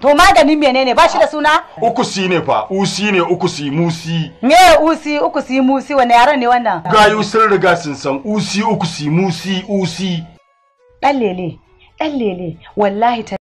To maganin menene ba shi da suna? Ukusi ne fa, usi ne ukusi musi. Me usi ukusi musi wani yaran ne wannan? Gayu sun riga sun san usi ukusi musi usi. Dan lele, dan lele, wallahi ta